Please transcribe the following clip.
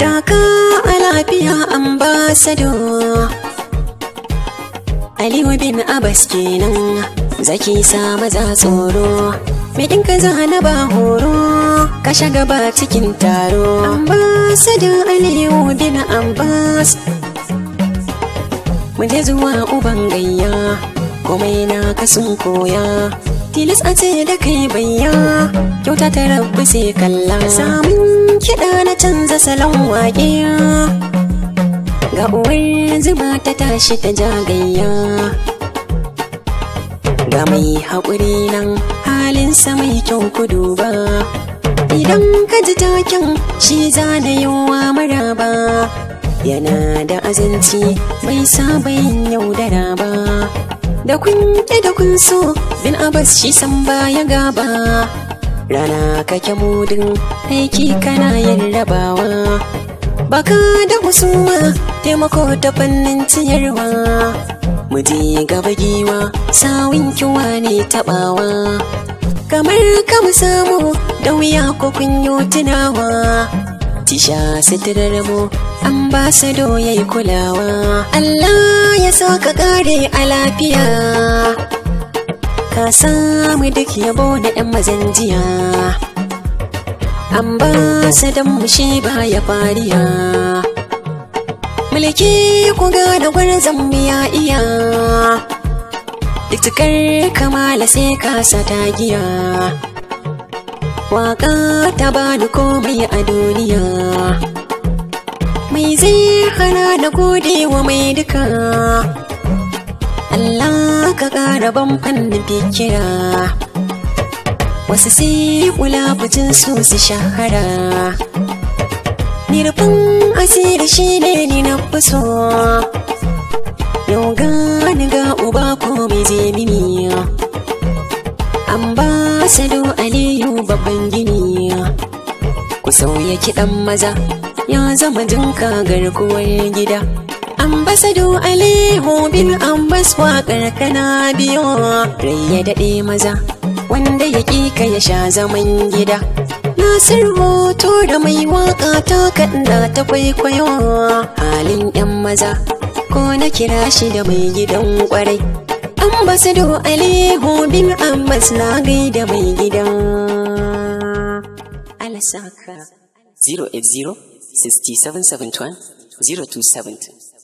Daka a lafiya ambasado Aliyu bin Abbas kenan zaki sa maza tsoro Mikin ka zana ba horo ka shaga ba cikin taro Ambasado Aliyu bin Abbas Mun zuwa uban gayya komai na sun koya tilas a ce da kai bayya kyauta ta rabu sai kalla samun kiɗa na canza salon waƙe ga uwar zuba ta tashi ta jagayya ga mai haƙuri nan halinsa mai kyau ku duba idan ka ji takin shi za da yawa maraba yana da azanci mai sabayin yau yaudara ba da kunke da kun so bin abas shi san baya gaba rana kake mudin aiki kana yin rabawa baka da husuma taimako ta fannin ciyarwa muji gaba giwa sawin kiwa ne tabawa kamar ka mu samu da wuya ko kunyo tunawa tisha sitirar mu ambasado yayi kulawa Allah ya sauka kare a lafiya ka samu duk yabo da 'yan mazan jiya an ba su don mushi ba ya fariya mulki ku ga gane gwarzon ya iya duk kamala sai kasa ta giya waka ta bani komai a duniya mai zai hana na gode wa mai duka Allah ka ƙara ban fikira wasu sai wulafacin su su shahara ni asiri shi ne ni na fi yau gani ga uba ko mai je mini aliyu babban gini ku sauya kiɗan maza ya zama jinka garkuwar gida Ambasado alihu bin Ambas waƙar kana biyo rai ya daɗe maza wanda ya ka ya sha zaman gida. Nasir hoto da mai waka ta kaɗa ta kwaikwayo halin ‘yan maza ko na kira shi da mai gidan ƙwarai. Ambasado alihu bin Ambas na da mai gidan Alasaka. 080 6771 0270